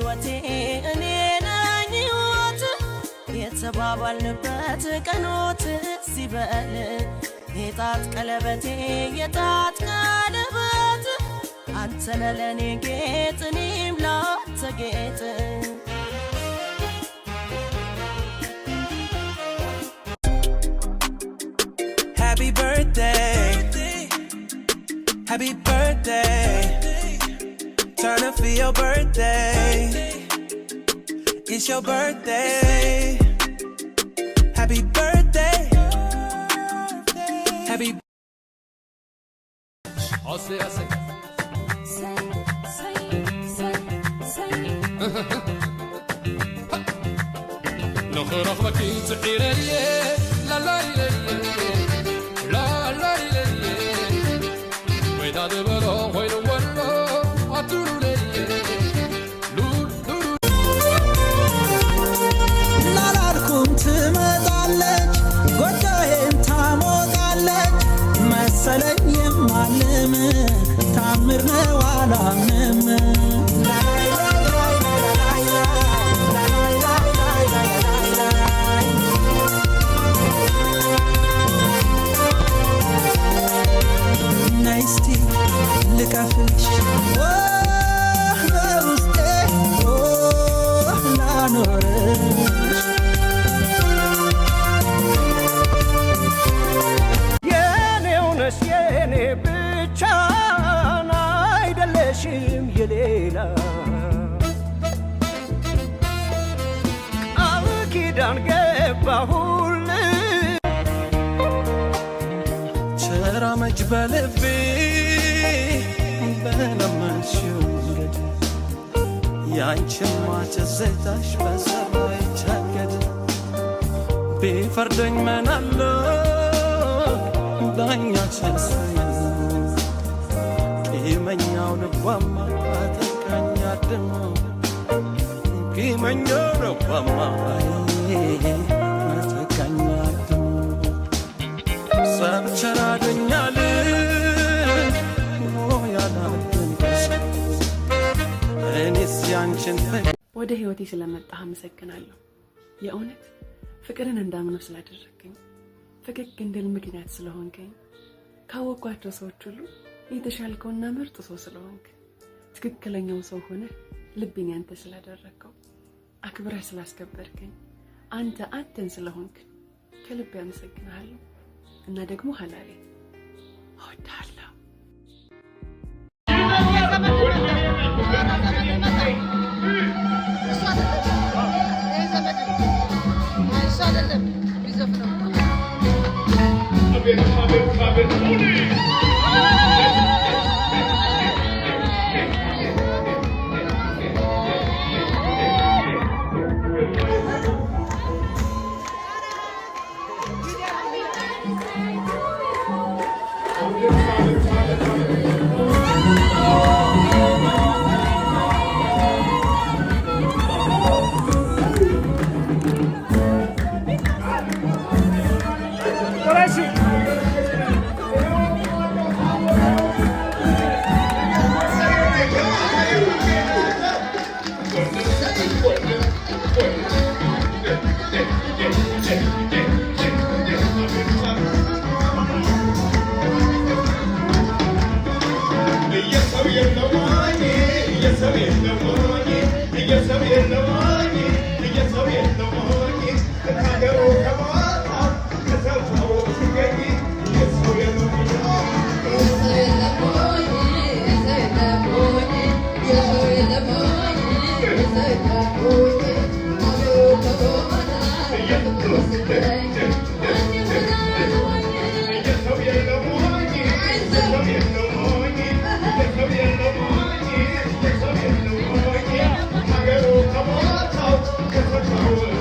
ሕይወቴ እኔ ነኝ ሕይወት የተባባልንበት ቀኖት ሲበል የጣት ቀለበቴ የጣት ቀለበት አንተ ነህ ጌጥ እኔም ላንተ ጌጥ Happy birthday. Happy birthday. Turn for your birthday. It's your birthday. Happy birthday. Happy نخرج لا لا لا لا لا لا لا لا لا لا لا Look at the حلم يا ليلى ቃልኪዳን ገባሁል ቸራመች በልቤ በለመንሽው ውረድ ያንቺማ ትዝታሽ በሰማይ ቸገድ ቢፈርደኝ ምናለው ዳኛ ቸሰኛ ያው ንጓማ ሰብቸራደኛል ወደ ህይወቴ ስለመጣህ አመሰግናለሁ። የእውነት ፍቅርን እንዳምነው ስላደረግኝ፣ ፈገግ እንድል ምክንያት ስለሆንከኝ ካወቅኳቸው ሰዎች ሁሉ የተሻልከውና ምርጥ ሰው ስለሆንክ ትክክለኛው ሰው ሆነ ልቤን ያንተ ስላደረግከው አክብረህ ስላስከበርከኝ አንተ አንተን ስለሆንክ ከልብ ያመሰግንሃለሁ እና ደግሞ ሀላሌ እወድሃለሁ። አይደለም